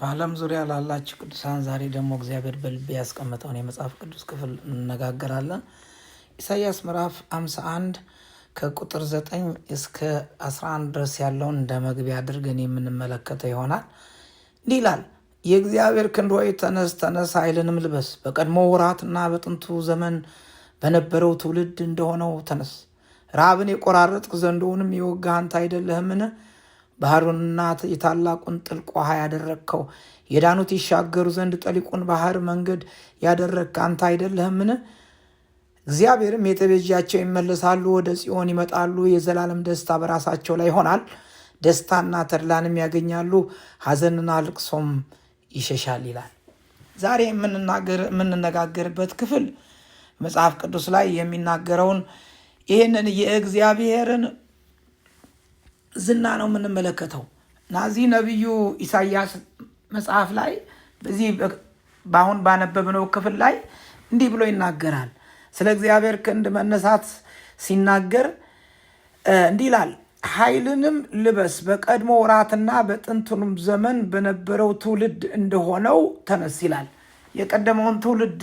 በዓለም ዙሪያ ላላችሁ ቅዱሳን ዛሬ ደግሞ እግዚአብሔር በልቤ ያስቀመጠውን የመጽሐፍ ቅዱስ ክፍል እንነጋገራለን። ኢሳይያስ ምዕራፍ 51 ከቁጥር 9 እስከ 11 ድረስ ያለውን እንደ መግቢያ አድርገን የምንመለከተው ይሆናል። እንዲህ ይላል፣ የእግዚአብሔር ክንድ ሆይ ተነስ፣ ተነስ፣ ኃይልንም ልበስ። በቀድሞ ወራትና በጥንቱ ዘመን በነበረው ትውልድ እንደሆነው ተነስ። ራብን የቆራረጥክ ዘንዶውንም የወጋህ አንተ አይደለህምን? ባህሩንና የታላቁን ጥልቅ ውሃ ያደረግከው የዳኑት ይሻገሩ ዘንድ ጠሊቁን ባህር መንገድ ያደረግክ አንተ አይደለህምን? እግዚአብሔርም የተቤዣቸው ይመለሳሉ፣ ወደ ጽዮን ይመጣሉ። የዘላለም ደስታ በራሳቸው ላይ ይሆናል። ደስታና ተድላንም ያገኛሉ፣ ሐዘንና ልቅሶም ይሸሻል ይላል። ዛሬ የምንነጋገርበት ክፍል መጽሐፍ ቅዱስ ላይ የሚናገረውን ይህንን የእግዚአብሔርን ዝና ነው የምንመለከተው እና እዚህ ነቢዩ ኢሳያስ መጽሐፍ ላይ በዚህ በአሁን ባነበብነው ክፍል ላይ እንዲህ ብሎ ይናገራል። ስለ እግዚአብሔር ክንድ መነሳት ሲናገር እንዲህ ይላል፣ ኃይልንም ልበስ በቀድሞ ወራትና በጥንቱንም ዘመን በነበረው ትውልድ እንደሆነው ተነስ ይላል። የቀደመውን ትውልድ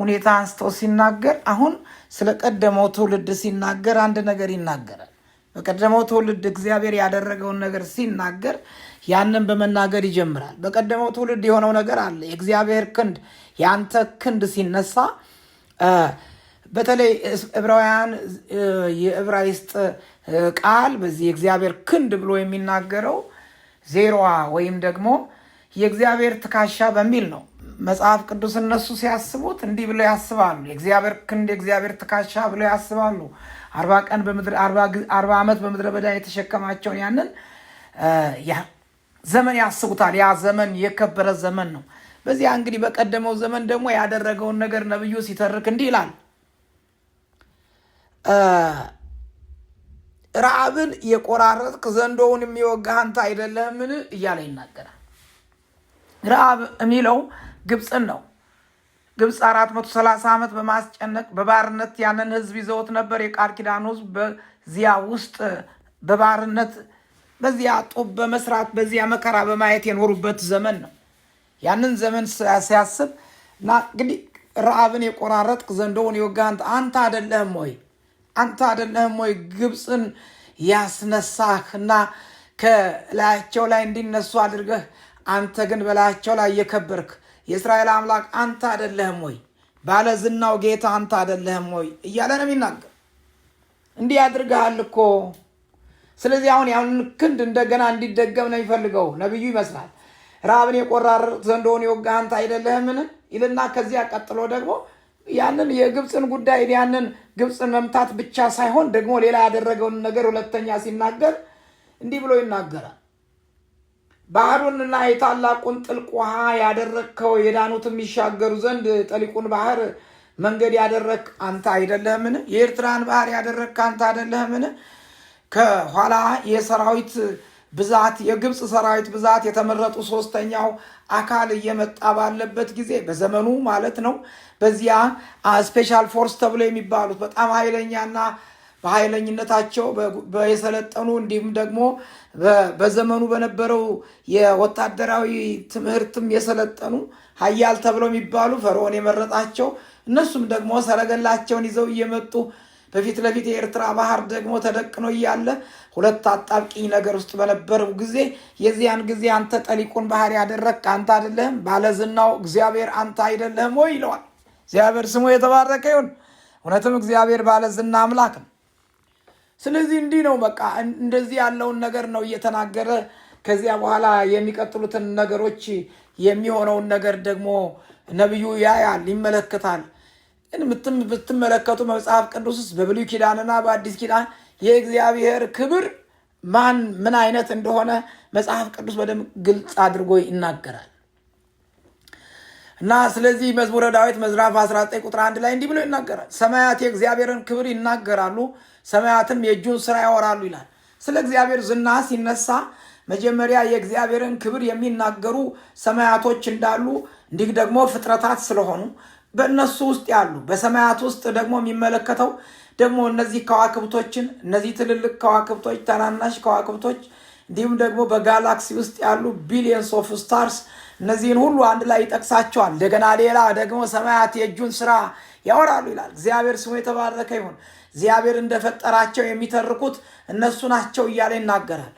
ሁኔታ አንስቶ ሲናገር አሁን ስለ ቀደመው ትውልድ ሲናገር አንድ ነገር ይናገራል። በቀደመው ትውልድ እግዚአብሔር ያደረገውን ነገር ሲናገር ያንን በመናገር ይጀምራል። በቀደመው ትውልድ የሆነው ነገር አለ። የእግዚአብሔር ክንድ የአንተ ክንድ ሲነሳ በተለይ ዕብራውያን የዕብራይስጥ ቃል በዚህ የእግዚአብሔር ክንድ ብሎ የሚናገረው ዜሮዋ ወይም ደግሞ የእግዚአብሔር ትካሻ በሚል ነው። መጽሐፍ ቅዱስ እነሱ ሲያስቡት እንዲህ ብለው ያስባሉ። የእግዚአብሔር ክንድ የእግዚአብሔር ትካሻ ብለው ያስባሉ። አርባ ቀን አርባ ዓመት በምድረ በዳ የተሸከማቸውን ያንን ዘመን ያስቡታል። ያ ዘመን የከበረ ዘመን ነው። በዚያ እንግዲህ በቀደመው ዘመን ደግሞ ያደረገውን ነገር ነብዩ ሲተርክ እንዲህ ይላል። ረአብን የቆራረጥክ ዘንዶውን የሚወጋ አንተ አይደለህምን? እያለ ይናገራል። ረአብ የሚለው ግብፅን ነው። ግብፅ አ መቶ ዓመት በማስጨነቅ በባርነት ያንን ህዝብ ይዘውት ነበር። የቃል ኪዳን ህዝብ በዚያ ውስጥ በባርነት በዚያ ጡብ በመስራት በዚያ መከራ በማየት የኖሩበት ዘመን ነው። ያንን ዘመን ሲያስብ እና እንግዲህ ረአብን የቆራረጥክ ዘንዶውን የወጋንት አንተ አደለህም ወይ? አንተ አደለህም ወይ? ግብፅን ያስነሳህ እና ከላያቸው ላይ እንዲነሱ አድርገህ አንተ ግን በላያቸው ላይ እየከበርክ የእስራኤል አምላክ አንተ አይደለህም ወይ? ባለ ዝናው ጌታ አንተ አይደለህም ወይ? እያለ ነው የሚናገር። እንዲህ ያድርግሃል እኮ። ስለዚህ አሁን ያሁን ክንድ እንደገና እንዲደገም ነው የሚፈልገው ነቢዩ ይመስላል። ረሃብን የቆራረጥ ዘንዶውን የወጋ አንተ አይደለህምን ይልና ከዚያ ቀጥሎ ደግሞ ያንን የግብፅን ጉዳይ ያንን ግብፅን መምታት ብቻ ሳይሆን ደግሞ ሌላ ያደረገውን ነገር ሁለተኛ ሲናገር እንዲህ ብሎ ይናገራል። ባህሩንና የታላቁን ጥልቅ ውሃ ያደረግከው የዳኑት የሚሻገሩ ዘንድ ጠሊቁን ባህር መንገድ ያደረግ አንተ አይደለህምን? የኤርትራን ባህር ያደረግ አንተ አይደለህምን? ከኋላ የሰራዊት ብዛት የግብፅ ሰራዊት ብዛት የተመረጡ ሶስተኛው አካል እየመጣ ባለበት ጊዜ በዘመኑ ማለት ነው። በዚያ ስፔሻል ፎርስ ተብሎ የሚባሉት በጣም ኃይለኛና በኃይለኝነታቸው የሰለጠኑ እንዲሁም ደግሞ በዘመኑ በነበረው የወታደራዊ ትምህርትም የሰለጠኑ ሀያል ተብለው የሚባሉ ፈርዖን የመረጣቸው እነሱም ደግሞ ሰረገላቸውን ይዘው እየመጡ በፊት ለፊት የኤርትራ ባህር ደግሞ ተደቅኖ እያለ ሁለት አጣብቂኝ ነገር ውስጥ በነበረው ጊዜ የዚያን ጊዜ አንተ ጠሊቁን ባህር ያደረግ አንተ አይደለህም? ባለዝናው እግዚአብሔር አንተ አይደለህም ወይ ይለዋል። እግዚአብሔር ስሙ የተባረከ ይሁን። እውነትም እግዚአብሔር ባለዝና አምላክ ነው። ስለዚህ እንዲህ ነው በቃ እንደዚህ ያለውን ነገር ነው እየተናገረ ከዚያ በኋላ የሚቀጥሉትን ነገሮች የሚሆነውን ነገር ደግሞ ነቢዩ ያያል፣ ይመለከታል። ብትመለከቱ መጽሐፍ ቅዱስ ውስጥ በብሉይ ኪዳንና በአዲስ ኪዳን የእግዚአብሔር ክብር ማን ምን አይነት እንደሆነ መጽሐፍ ቅዱስ በደንብ ግልጽ አድርጎ ይናገራል። እና ስለዚህ መዝሙረ ዳዊት መዝራፍ 19 ቁጥር አንድ ላይ እንዲህ ብሎ ይናገራል። ሰማያት የእግዚአብሔርን ክብር ይናገራሉ፣ ሰማያትም የእጁን ስራ ያወራሉ ይላል። ስለ እግዚአብሔር ዝና ሲነሳ መጀመሪያ የእግዚአብሔርን ክብር የሚናገሩ ሰማያቶች እንዳሉ እንዲህ ደግሞ ፍጥረታት ስለሆኑ በእነሱ ውስጥ ያሉ በሰማያት ውስጥ ደግሞ የሚመለከተው ደግሞ እነዚህ ከዋክብቶችን እነዚህ ትልልቅ ከዋክብቶች፣ ተናናሽ ከዋክብቶች እንዲሁም ደግሞ በጋላክሲ ውስጥ ያሉ ቢሊየንስ ኦፍ ስታርስ እነዚህን ሁሉ አንድ ላይ ይጠቅሳቸዋል። እንደገና ሌላ ደግሞ ሰማያት የእጁን ስራ ያወራሉ ይላል። እግዚአብሔር ስሙ የተባረከ ይሁን። እግዚአብሔር እንደፈጠራቸው የሚተርኩት እነሱ ናቸው እያለ ይናገራል።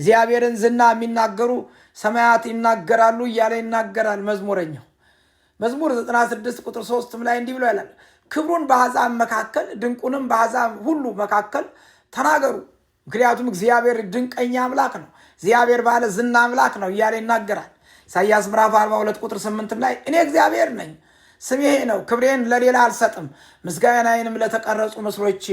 እግዚአብሔርን ዝና የሚናገሩ ሰማያት ይናገራሉ እያለ ይናገራል መዝሙረኛው። መዝሙር 96 ቁጥር 3 ላይ እንዲህ ብሎ ይላል፣ ክብሩን በአሕዛብ መካከል ድንቁንም በአሕዛብ ሁሉ መካከል ተናገሩ ምክንያቱም እግዚአብሔር ድንቀኛ አምላክ ነው፣ እግዚአብሔር ባለ ዝና አምላክ ነው እያለ ይናገራል። ኢሳያስ ምዕራፍ 42 ቁጥር 8 ላይ እኔ እግዚአብሔር ነኝ ስሜ ነው፣ ክብሬን ለሌላ አልሰጥም፣ ምስጋናዬንም ለተቀረጹ ምስሎች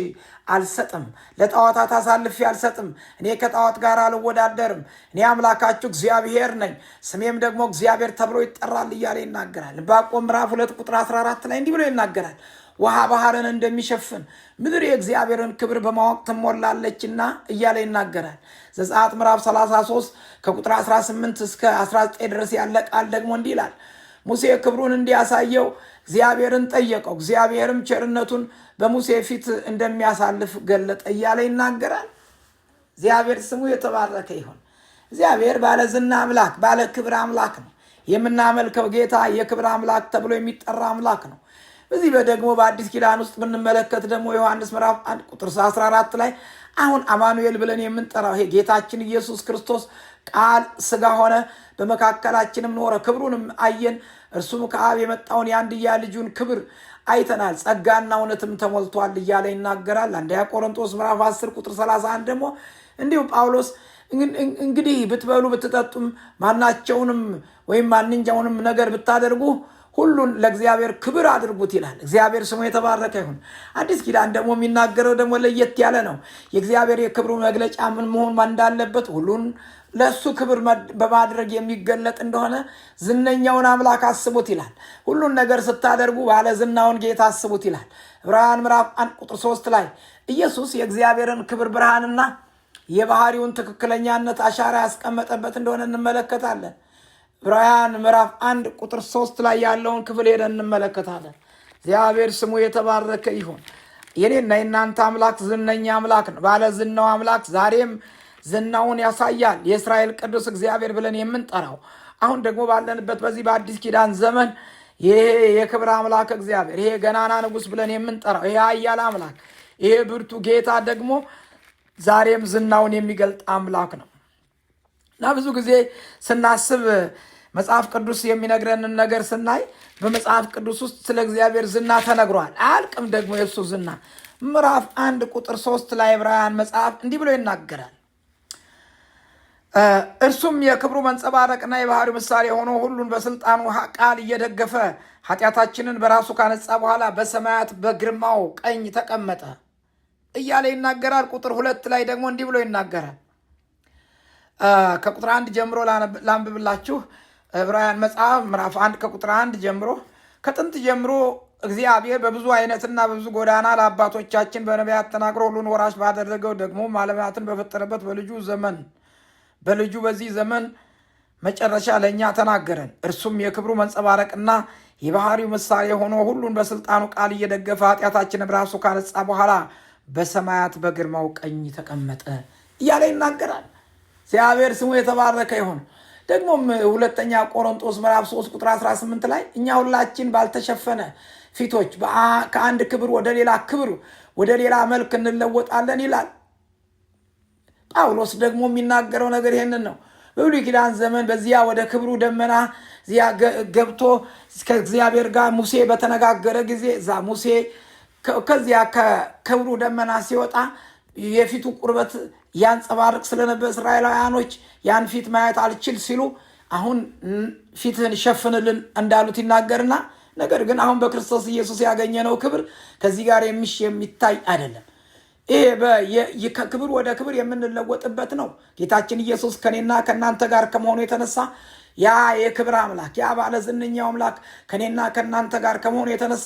አልሰጥም፣ ለጣዖታት አሳልፌ አልሰጥም። እኔ ከጣዖት ጋር አልወዳደርም። እኔ አምላካችሁ እግዚአብሔር ነኝ፣ ስሜም ደግሞ እግዚአብሔር ተብሎ ይጠራል እያለ ይናገራል። ዕንባቆም ምዕራፍ ሁለት ቁጥር 14 ላይ እንዲህ ብሎ ይናገራል ውሃ ባህርን እንደሚሸፍን ምድር የእግዚአብሔርን ክብር በማወቅ ትሞላለችና እያለ ይናገራል። ዘጸአት ምዕራፍ 33 ከቁጥር 18 እስከ 19 ድረስ ያለ ቃል ደግሞ እንዲህ ይላል። ሙሴ ክብሩን እንዲያሳየው እግዚአብሔርን ጠየቀው፣ እግዚአብሔርም ቸርነቱን በሙሴ ፊት እንደሚያሳልፍ ገለጠ እያለ ይናገራል። እግዚአብሔር ስሙ የተባረከ ይሁን። እግዚአብሔር ባለ ዝና አምላክ፣ ባለ ክብር አምላክ ነው። የምናመልከው ጌታ የክብር አምላክ ተብሎ የሚጠራ አምላክ ነው። በዚህ በደግሞ በአዲስ ኪዳን ውስጥ ብንመለከት ደግሞ ዮሐንስ ምዕራፍ 1 ቁጥር 14 ላይ አሁን አማኑኤል ብለን የምንጠራው ይሄ ጌታችን ኢየሱስ ክርስቶስ ቃል ስጋ ሆነ፣ በመካከላችንም ኖረ፣ ክብሩንም አየን። እርሱም ከአብ የመጣውን የአንድያ ልጁን ክብር አይተናል፣ ጸጋና እውነትም ተሞልቷል እያለ ይናገራል። አንደኛ ቆሮንቶስ ምዕራፍ 10 ቁጥር 31 ደግሞ እንዲሁ ጳውሎስ እንግዲህ ብትበሉ ብትጠጡም ማናቸውንም ወይም ማንኛውንም ነገር ብታደርጉ ሁሉን ለእግዚአብሔር ክብር አድርጉት ይላል። እግዚአብሔር ስሙ የተባረከ ይሁን። አዲስ ኪዳን ደግሞ የሚናገረው ደግሞ ለየት ያለ ነው። የእግዚአብሔር የክብሩ መግለጫ ምን መሆን እንዳለበት ሁሉን ለእሱ ክብር በማድረግ የሚገለጥ እንደሆነ ዝነኛውን አምላክ አስቡት ይላል። ሁሉን ነገር ስታደርጉ ባለ ዝናውን ጌታ አስቡት ይላል። ዕብራውያን ምዕራፍ አንድ ቁጥር ሶስት ላይ ኢየሱስ የእግዚአብሔርን ክብር ብርሃንና የባህሪውን ትክክለኛነት አሻራ ያስቀመጠበት እንደሆነ እንመለከታለን። ዕብራውያን ምዕራፍ አንድ ቁጥር ሶስት ላይ ያለውን ክፍል ሄደን እንመለከታለን። እግዚአብሔር ስሙ የተባረከ ይሁን። የኔና የእናንተ አምላክ ዝነኛ አምላክ ነው። ባለ ዝናው አምላክ ዛሬም ዝናውን ያሳያል። የእስራኤል ቅዱስ እግዚአብሔር ብለን የምንጠራው አሁን ደግሞ ባለንበት በዚህ በአዲስ ኪዳን ዘመን ይሄ የክብር አምላክ እግዚአብሔር ይሄ ገናና ንጉሥ ብለን የምንጠራው ይሄ አያል አምላክ ይሄ ብርቱ ጌታ ደግሞ ዛሬም ዝናውን የሚገልጥ አምላክ ነው። እና ብዙ ጊዜ ስናስብ መጽሐፍ ቅዱስ የሚነግረንን ነገር ስናይ በመጽሐፍ ቅዱስ ውስጥ ስለ እግዚአብሔር ዝና ተነግሯል። አያልቅም ደግሞ የእሱ ዝና። ምዕራፍ አንድ ቁጥር ሶስት ላይ ዕብራውያን መጽሐፍ እንዲህ ብሎ ይናገራል። እርሱም የክብሩ መንጸባረቅና የባህሪ ምሳሌ ሆኖ ሁሉን በስልጣኑ ቃል እየደገፈ ኃጢአታችንን በራሱ ካነጻ በኋላ በሰማያት በግርማው ቀኝ ተቀመጠ እያለ ይናገራል። ቁጥር ሁለት ላይ ደግሞ እንዲህ ብሎ ይናገራል ከቁጥር አንድ ጀምሮ ላንብብላችሁ። ዕብራውያን መጽሐፍ ምዕራፍ አንድ ከቁጥር አንድ ጀምሮ ከጥንት ጀምሮ እግዚአብሔር በብዙ አይነትና በብዙ ጎዳና ለአባቶቻችን በነቢያት ተናግሮ ሁሉን ወራሽ ባደረገው ደግሞ ዓለማትን በፈጠረበት በልጁ ዘመን በልጁ በዚህ ዘመን መጨረሻ ለእኛ ተናገረን። እርሱም የክብሩ መንጸባረቅና የባህሪው ምሳሌ ሆኖ ሁሉን በስልጣኑ ቃል እየደገፈ ኃጢአታችንን ራሱ ካነጻ በኋላ በሰማያት በግርማው ቀኝ ተቀመጠ እያለ ይናገራል። እግዚአብሔር ስሙ የተባረከ ይሁን። ደግሞም ሁለተኛ ቆሮንጦስ ምዕራፍ 3 ቁጥር 18 ላይ እኛ ሁላችን ባልተሸፈነ ፊቶች ከአንድ ክብር ወደ ሌላ ክብር ወደ ሌላ መልክ እንለወጣለን ይላል። ጳውሎስ ደግሞ የሚናገረው ነገር ይሄንን ነው። በብሉይ ኪዳን ዘመን በዚያ ወደ ክብሩ ደመና ዚያ ገብቶ ከእግዚአብሔር ጋር ሙሴ በተነጋገረ ጊዜ እዛ ሙሴ ከዚያ ከክብሩ ደመና ሲወጣ የፊቱ ቁርበት ያንጸባርቅ ስለነበር እስራኤላውያኖች ያን ፊት ማየት አልችል ሲሉ አሁን ፊትህን ሸፍንልን እንዳሉት ይናገርና ነገር ግን አሁን በክርስቶስ ኢየሱስ ያገኘነው ክብር ከዚህ ጋር የሚሽ የሚታይ አይደለም። ይሄ ከክብር ወደ ክብር የምንለወጥበት ነው። ጌታችን ኢየሱስ ከኔና ከእናንተ ጋር ከመሆኑ የተነሳ ያ የክብር አምላክ ያ ባለ ዝነኛው አምላክ ከኔና ከእናንተ ጋር ከመሆኑ የተነሳ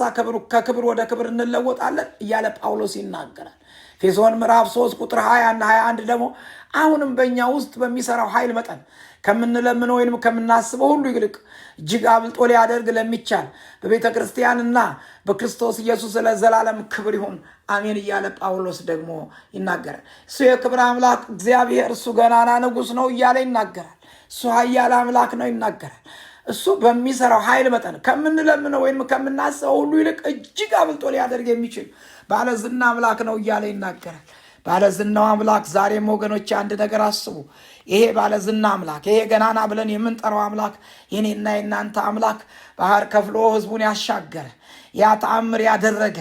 ከክብር ወደ ክብር እንለወጣለን እያለ ጳውሎስ ይናገራል። ኤፌሶን ምዕራፍ 3 ቁጥር 20 እና 21 ደግሞ አሁንም በእኛ ውስጥ በሚሰራው ኃይል መጠን ከምንለምነው ወይንም ከምናስበው ሁሉ ይልቅ እጅግ አብልጦ ሊያደርግ ለሚቻል በቤተ ክርስቲያንና በክርስቶስ ኢየሱስ ለዘላለም ክብር ይሁን አሜን እያለ ጳውሎስ ደግሞ ይናገራል። እሱ የክብር አምላክ እግዚአብሔር እሱ ገናና ንጉሥ ነው እያለ ይናገራል። እሱ ኃያል አምላክ ነው ይናገራል። እሱ በሚሰራው ኃይል መጠን ከምንለምነው ወይም ከምናስበው ሁሉ ይልቅ እጅግ አብልጦ ሊያደርግ የሚችል ባለዝና አምላክ ነው እያለ ይናገራል። ባለዝናው አምላክ ዛሬም ወገኖች አንድ ነገር አስቡ። ይሄ ባለዝና አምላክ፣ ይሄ ገናና ብለን የምንጠራው አምላክ፣ የኔና የናንተ አምላክ ባህር ከፍሎ ህዝቡን ያሻገረ ያ ተአምር ያደረገ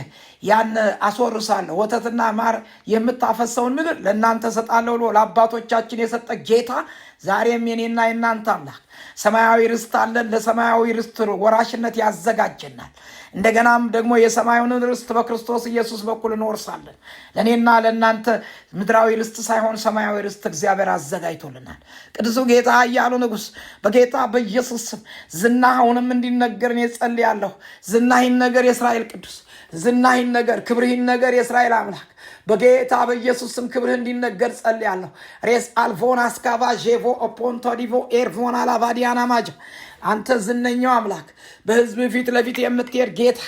ያን አስወርሳለሁ፣ ወተትና ማር የምታፈሰውን ምድር ለእናንተ እሰጣለሁ ብሎ ለአባቶቻችን የሰጠ ጌታ ዛሬም የኔና የእናንተ አምላክ ሰማያዊ ርስት አለን። ለሰማያዊ ርስት ወራሽነት ያዘጋጀናል። እንደገናም ደግሞ የሰማዩን ርስት በክርስቶስ ኢየሱስ በኩል እንወርሳለን። ለእኔና ለእናንተ ምድራዊ ርስት ሳይሆን ሰማያዊ ርስት እግዚአብሔር አዘጋጅቶልናል። ቅዱሱ ጌታ እያሉ ንጉሥ በጌታ በኢየሱስ ስም ዝና አሁንም እንዲነገር እኔ ጸልያለሁ። ዝና ይነገር የእስራኤል ቅዱስ ዝናህን ነገር ክብርህን ነገር የእስራኤል አምላክ በጌታ በኢየሱስ ስም ክብርህ እንዲነገር ጸልያለሁ ሬስ አልቮን አስካቫ ዤቮ ኦፖንቶዲቮ ኤርቮን አላቫዲያና ማጃ አንተ ዝነኛው አምላክ በህዝብ ፊት ለፊት የምትሄድ ጌታ፣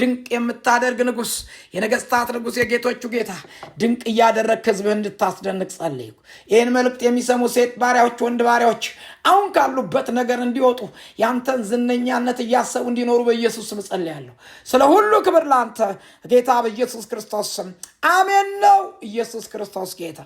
ድንቅ የምታደርግ ንጉስ የነገስታት ንጉስ የጌቶቹ ጌታ ድንቅ እያደረግ ህዝብህ እንድታስደንቅ ጸልይኩ። ይህን መልእክት የሚሰሙ ሴት ባሪያዎች፣ ወንድ ባሪያዎች አሁን ካሉበት ነገር እንዲወጡ ያንተን ዝነኛነት እያሰቡ እንዲኖሩ በኢየሱስ ስም ጸልያለሁ። ስለ ሁሉ ክብር ለአንተ ጌታ፣ በኢየሱስ ክርስቶስ ስም አሜን። ነው ኢየሱስ ክርስቶስ ጌታ